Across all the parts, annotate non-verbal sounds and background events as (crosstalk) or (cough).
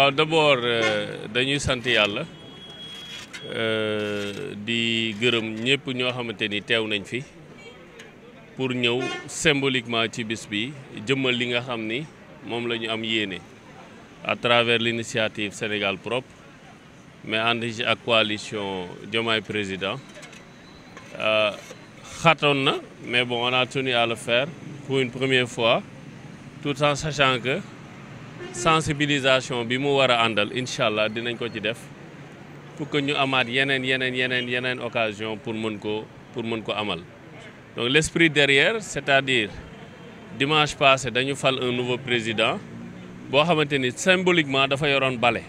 waaw d'abord euh, dañuy sant yàlla euh, di gërëm ñëpp ñoo xamante ni teew nañ fi pour ñëw symboliquement ci bis bi jëmmal li nga xam ni moom la ñu am yéene à travers l'initiative Sénégal propre mais ànd ci ak coalition Diomaye Président euh, xatoon na mais bon on a tenu à le pour une première fois sensibilisation bi mu war a àndal incha allah dinañ ko ci def pour que ñu amaat yeneen yeneen yeneen yeneen occasion pour mën ko pour mën ko amal donc l' esprit derrière c'est-à-dire dimanche passé dañu fal un nouveau président boo xamante ni symboliquement dafa yoroon bale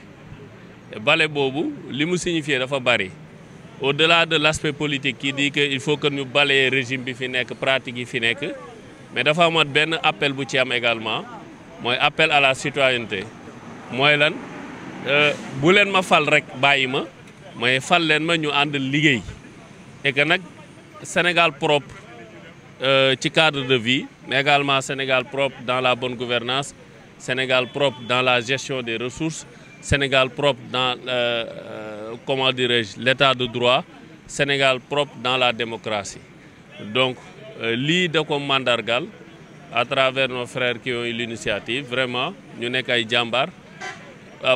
bale boobu li mu signifié dafa bari au-delà de l'aspect politique qui di que il faut que ñu balee régime bi fi nekk pratique yi fi nekk mais dafa amaat benn appel bu ci am également mooy appel à la citoyenneté mooy lan euh, bu leen ma fal rek bàyyi ma mooy fal leen ma ñu ànd liggéey et nag Sénégal propre euh, ci cadre de vie mais également Sénégal propre dans la bonne gouvernance Sénégal propre dans la gestion des ressources Sénégal propre dans euh, comment dirais-je l'état de droit Sénégal propre dans la démocratie donc lii da ko màndargal à travers nos frères qui ont eu l'initiative vraiment ñu nekk ay jàmbaar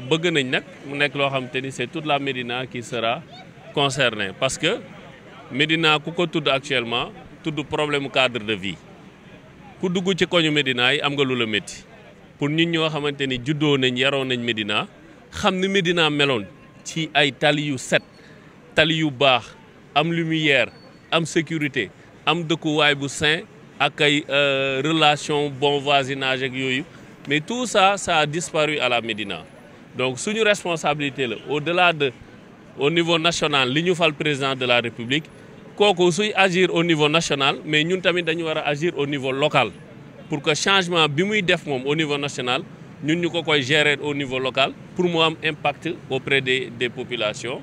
bëgg nañ nag mu nekk loo xamante ni c'est toute la Médina qui sera concernée parce que Médina ku ko tudd actuellement tudd problème cadre de vie ku dugg ci koñu Médina yi am nga lu la métti pour nit ñoo xamante ni juddoo nañ yaroo nañ Médina xam ni Médina meloon ci ay tali yu set tali yu baax am lumière am sécurité am dëkkuwaay bu sain ak ay euh, relation bon voisinage ak yooyu mais tout sa sa a disparu à la Médina donc suñu responsabilité la au-delà de au niveau national li ñu fal président de la République kooku suy agir au niveau national mais ñun tamit dañu war a agir au niveau local pour que changement bi muy def moom au niveau national ñun ñu ko koy gérer au niveau local pour mu am impact auprès des des populations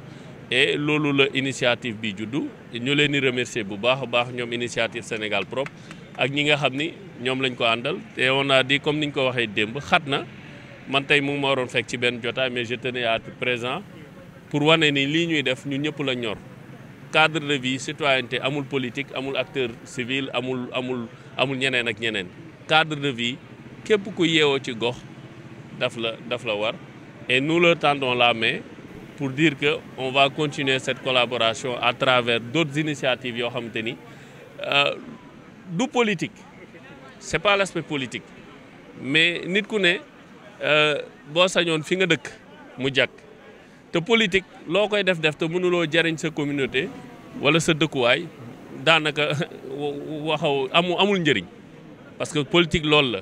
et loolu la initiative bi juddu ñu leen di remercier bu baax a baax ñoom initiative Sénégal propre ak ñi nga xam ni ñoom lañ ko àndal te on a di comme ni ñu ko waxee démb xat na man tey mu ngi ma waroon fekk ci benn jotaay mais je tenais à être présent pour wane ni lii ñuy def ñu ñëpp la ñor cadre de vie citoyenneté amul politique amul acteur civil amul amul amul ñeneen ak ñeneen cadre de vie képp ku yeewoo ci gox daf la daf la war et nous leur tendon la mais pour dire que on va continuer cette collaboration à travers d'autres initiatives yoo xamante ni euh, du politique c'est pas l'aspect politique mais nit ku ne euh, boo sañoon fi nga dëkk mu jàkk te politique loo koy def def te mënuloo jariñ sa communauté wala sa dëkkuwaay daanaka (laughs) waxaw amu amul njëriñ parce que politique loolu la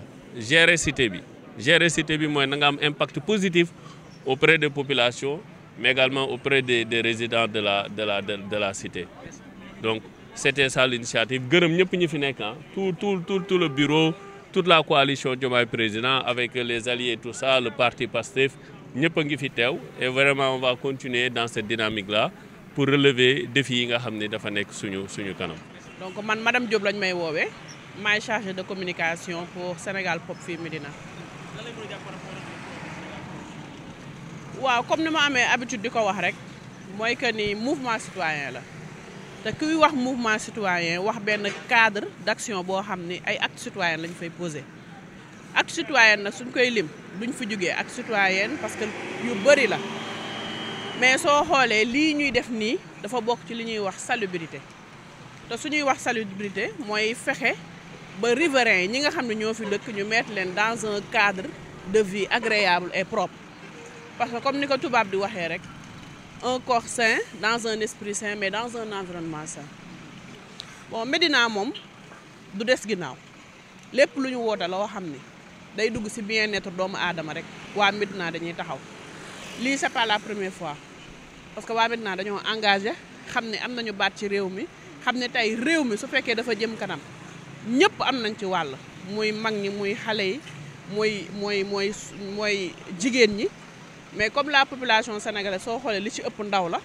gérer cité bi gérer cité bi mooy na nga am impact positif au auprès des populations mais également auprès des de résident de la de la de la cité donc c'était ça l'initiative gërëm ñëpp ñi fi nekk ah tout tout tout tout le bureau tout la coalition Diomaye Président avec les alliés tout ça le parti Pastef ñëpp a ngi fi teew et vraiment on va continuer dans cette dynamique là pour relever défis yi nga xam ni dafa nekk suñu suñu kanam. donc man madame Diop lañ may woowe maay chargée de communication pour Sénégal Pop fii Médina. waaw comme ni ma amee habitude di ko wax rek mooy que ni mouvement citoyen la. te kuy wax mouvement citoyen wax benn cadre d'action boo xam ni ay acte citoyen lañ fay poser acte citoyen nag suñ koy lim duñ fi jógee ak citoyen parce que yu bëri la mais soo xoolee lii ñuy def nii dafa bokk ci li ñuy wax salubrité te suñuy wax salubrité mooy fexe ba riverains yi ñi nga xam ne ñoo fi dëkk ñu mettre leen dans un cadre de vie agréable et propre parce que comme ni ko tubaab di waxee rek un corps sain dans un esprit sain mais dans un environnement sain bon Médina moom du des ginnaaw lépp lu ñu woote loo xam ni day dugg ci bien-être doomu aadama rek waa Médina dañuy taxaw lii c'est pas la première fois parce que waa Médina dañoo engagé xam ne am nañu baat ci réew mi xam ne tey réew mi su fekkee dafa jëm kanam ñëpp am nañ ci wàll muy mag ñi muy xale yi muy mooy mooy mooy jigéen ñi mais comme la population sénégalaise soo xoolee li ci ëpp ndaw la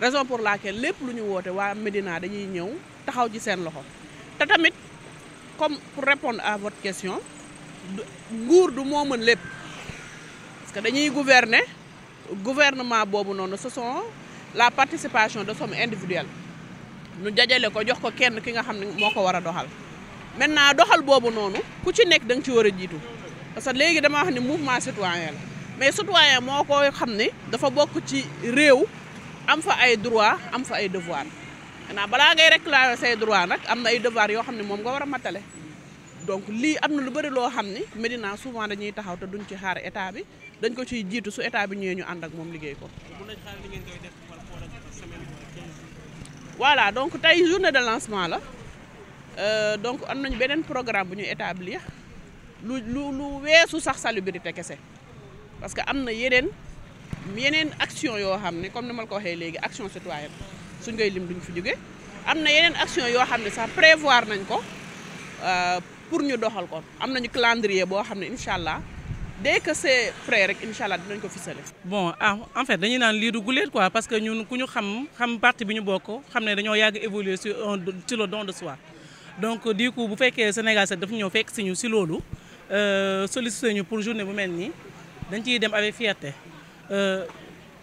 raison pour la laquelle lépp lu ñu woote waa Médina dañuy ñëw taxaw ci seen loxo te tamit comme pour répondre à votre question nguur du mooman lépp parce que dañuy gouverne gouvernement boobu noonu ce sont la participation de somme individuelle nu jajale ko jox ko kenn ki nga xam ne moo ko war a doxal maintenant doxal boobu noonu ku ci nekk da ci war a jiitu parce que léegi dama wax ni mouvement citoyen la mais citoyen moo ko xam ni dafa bokk ci réew am fa ay droit am fa ay devoir xanaa balaa ngay réclamer say droit nag am na ay devoir yoo xam ne moom nga war a mattale donc lii am na lu bëri loo xam ni Médina souvent dañuy taxaw te duñ ci xaar état bi dañ ko ciy jiitu su état bi ñëwee ñu ànd ak moom liggéey ko. voilà donc tey journée de lancement la euh, donc am nañu beneen programme bu ñu établir lu lu lu weesu sax salubrité kese. parce que am na yeneen yeneen action yoo xam ne comme ni ma la ko waxee léegi action citoyenne suñ ngay lim duñ fi jóge am na yeneen action yoo xam ne sax prévoir nañ ko euh, pour ñu doxal ko am nañu calendrier boo xam ne incha allah dès que c'est prêt rek incha allah dinañ ko fisale. bon ah en fait dañuy naan lii du guléet quoi parce que ñun ku ñu xam xam parti bi ñu bokk xam ne dañoo yàgg évoluer sur un don de soi donc du bu fekkee Sénégal sax dafa ñëw fekk si ñu si loolu euh, sollicité ñu pour journée bu mel nii. dañ ciy dem avec fierté euh,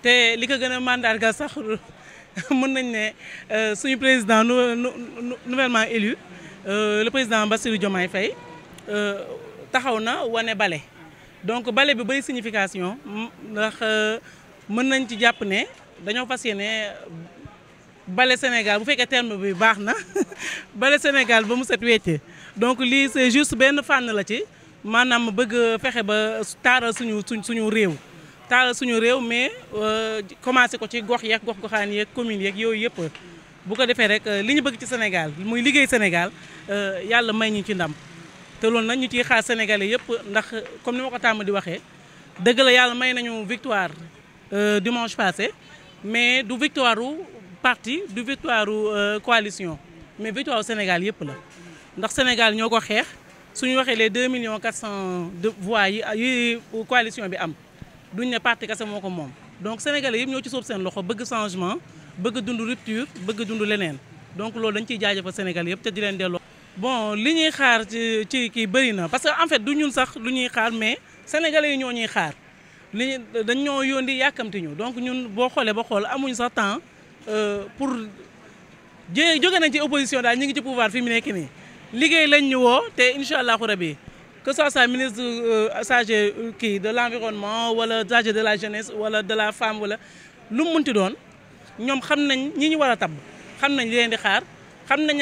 te li ko gën a mandarga sax (laughs) mën nañ ne euh, suñu président nouvellement élu euh, le président Bassirou Diomaye Faye taxaw na wane bale donc bale bi bëri signification ndax mën nañ ci jàpp ne dañoo fas yéene bale Sénégal bu fekkee terme bi baax na (laughs) bale Sénégal ba mu set weccee donc lii c'est juste benn fànn la ci maanaam bëgg fexe ba taaral suñu suñ suñu réew taaral suñu réew mais euh, commencé ko ci gox yeeg gox goxaan yeeg communes yeeg yooyu yëpp bu ko defee rek euh, li ñu bëgg ci Sénégal muy liggéey Sénégal euh, yàlla may ñu ci ndam te loolu nag ñu ci xaar sénégalais yëpp ndax comme ni ma ko tàmm di waxee dëgg la yàlla may nañu victoire dimanche passé mais du victoire u parti du victoire u coalition mais victoire Sénégal yëpp la ndax Sénégal ñoo ko xeex su ñu waxee les 2 millions 400 de voix yi yi coalition bi am duñ ne parti kese moo ko moom donc sénégalais yëpp ñoo ci sóob seen loxo bëgg changement bëgg dund rupture bëgg dundu leneen donc loolu dañ ciy jaajëfal sénégalais yëpp te di leen delloo. bon li ñuy xaar ci ci kii bëri na parce que en fait du ñun sax lu ñuy xaar mais sénégalais yi ñoo ñuy xaar li dañ ñoo yóndi yàkkamti ñu donc ñun boo xoolee ba xool amuñu sax temps euh, pour jé jóge nañ ci opposition daal ñu ngi ci pouvoir fi mu nekk nii. liggéey lañ ñu woo te incha allahu rabi que ça soit ministre euh, chargé euh, kii de l' environnement wala chargé de la jeunesse wala de la femme wala lu mu munti doon ñoom xam nañ ñi ñu war a tab xam nañ leen di xaar xam nañ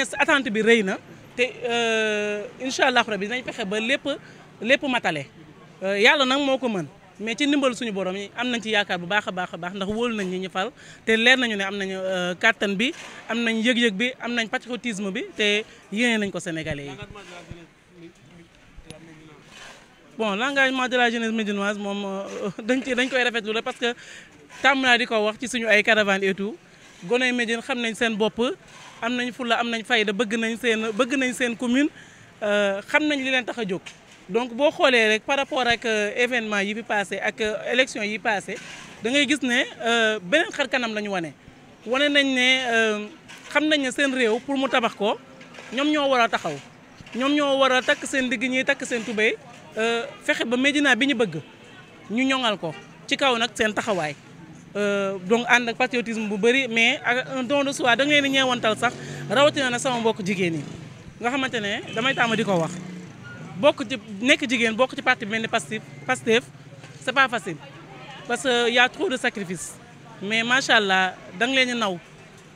ne bi rëy na te euh, incha allahu rabi dinañ fexe ba lépp lépp matale yàlla nag moo ko mën. mais ci ndimbal suñu borom yi am nañ ci yaakaar bu baax a baax a baax ndax wóolu nañ ñi ñu fal te leer nañu ne am nañu euh, kàttan bi am nañ yëg-yëg bi am nañ patriotisme bi te yéene nañ ko sénégalais yi bon l'engagement de la jeunesse médinoise moom euh, (laughs) dañ ci dañ koy rafetlu la parce que tàmm naa di ko wax ci suñu ay caravane et tout goney Médine xam nañ seen bopp am nañ fulla am nañ fayda bëgg nañ seen bëgg nañ seen commune euh, xam nañ li leen tax a jóg donc boo xoolee rek par rapport ak euh, événement yi fi passé ak euh, élection yi passé da ngay gis ne euh, beneen xar kanam la ñu wane wane nañ ne xam nañ ne seen réew pour mu tabax ko ñoom ñoo war a taxaw ñoom ñoo war a takk seen digg ñiy takk seen tubéy fexe ba Médina bi ñu bëgg ñu ñoŋal ko ci kaw nag seen taxawaay donc ànd ak patriotisme bu bëri mais ak un don de soi da ngay ni ñeewantal sax rawatina na sama mbokk jigéen yi nga xamante ne damay tàmm di ko wax bokk ci nekk jigéen bokk ci parti mel ni Pastef Pastef c'est pas facile parce que y trop de sacrifice mais macha allah danga nga leen naw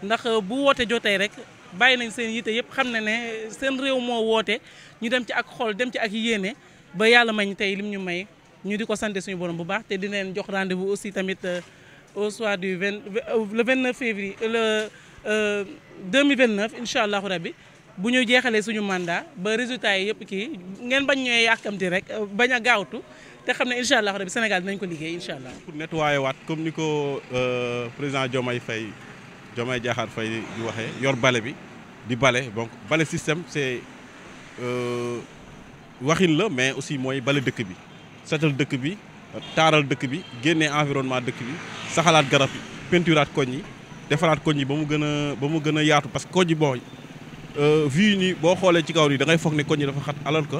ndax euh, bu woote jotee rek bàyyi nañ seen yitte yëpp xam na ne seen réew moo woote ñu dem ci ak xol dem ci ak yéene ba yàlla mañ tey lim ñu may ñu di ko sant suñu borom bu baax te di leen jox rendez-vous aussi tamit euh, au soir du vingt euh, le vingt neuf février le deux mille vingt neuf incha allahu rabbi bu ñu jeexalee suñu mandat ba résultat yi yëpp kii ngeen bañ ñooy yàkkamti rek euh, bañ a gaawtu te xam ne incha allah rabi Sénégal dinañ ko liggéey incha allah. pour nettoyer waat comme ni ko euh, président Diomaye fay Diomaye Diakhar fay di waxee yor bale bi di bale donc bale système c'est euh, waxin la mais aussi mooy bale dëkk bi setal dëkk bi taaral dëkk bi génnee environnement dëkk bi saxalaat garab yi peinturaat koñ yi defaraat koñ yi ba mu gën a ba mu gën a yaatu parce que koñ yi boo Euh, vue nii boo xoolee ci kaw nii da ngay foog ne koñ ñi dafa xat alors que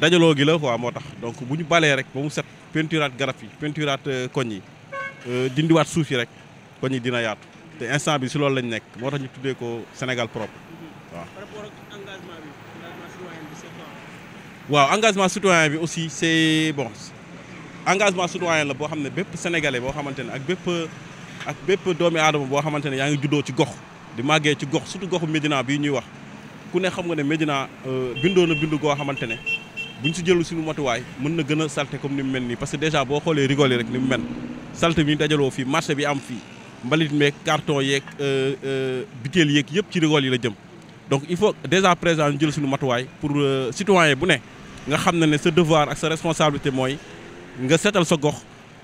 dajaloo gi la quoi moo tax donc bu ñu balee rek ba mu set peinturaat garab yi peinturaat euh, koñ yi euh, dindiwaat suuf yi rek koñ yi dina yaatu te instant bi si loolu lañ nekk moo tax ñu tuddee ko Sénégal propre waaw. par rapport engagement bi bi aussi c'est bon engagement citoyen la boo xam ne bépp sénégalais boo xamante ne ak bépp ak bépp doomi aadama boo xamante ne yaa ngi juddoo ci gox. di màggee ci gox surtout goxu Médina bii ñuy wax ku ne xam nga ne Médina euh, bindoo na bind goo xamante ne buñ si jëlu suñu matuwaay mën na gën a salte comme ni mu mel nii parce que déjà boo xoolee rigole yi rek ni mu mel salte bi ñu dajaloo fii marché bi am fii mbalit meeg carton yeeg euh, euh, butéel yeeg yëpp ci rigole yi la jëm donc il faut déjà présent ñu jël suñu matuwaay pour citoyen bu ne nga xam ne ne sa devoir ak sa responsabilité mooy nga setal sa gox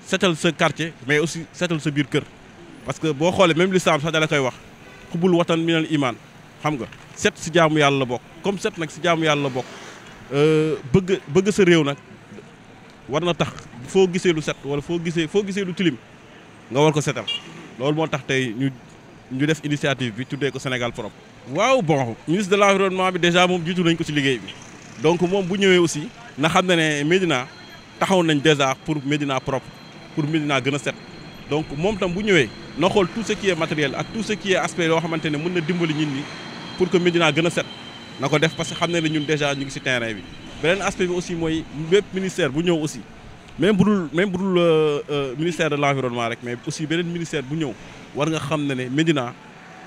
setal sa quartier mais aussi setal sa biir kër parce que boo xoolee même l'islam sax da la koy wax xubul watan minal imaan xam nga set si jaamu yàlla la bokk comme set nag si jaamu yàlla la bokk euh, bëgg bëgg sa réew nag war na tax foo gisee lu set wala foo gisee foo gisee lu tilim nga war ko setal loolu moo tax tey ñu ñu def initiative bi tuddee ko Sénégal propre. waaw bon ministre de l' environnement bi déjà moom jiitu nañ ko ci liggéey bi donc moom bu ñëwee aussi na xam ne ne Médina taxaw nañ déjà pour Médina propre pour Médina gën a set. donc moom tam bu ñëwee na xool tout ce qui est matériel ak tout ce qui est aspect yoo xamante ne mën na dimbali ñit ñi pour que Médina gën a set na ko def parce que xam ne la ñun déjà ñu ngi ci terrain bi beneen aspect bi aussi mooy bépp ministère bu ñëw aussi même bu dul même bu dul euh, euh, ministère de l'environnement rek mais aussi beneen ministère bu ñëw war nga xam ne ne Médina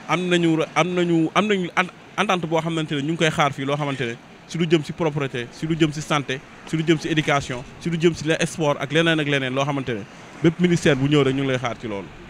am nañu am nañu am nañu entente boo xamante ne ñu ngi koy xaar fii loo xamante ne si lu jëm si propreté si lu jëm si santé si lu jëm si éducation si lu jëm si le sport ak leneen ak leneen loo xamante ne bépp ministère bu ñëw rek ñu ngi lay xaar ci loolu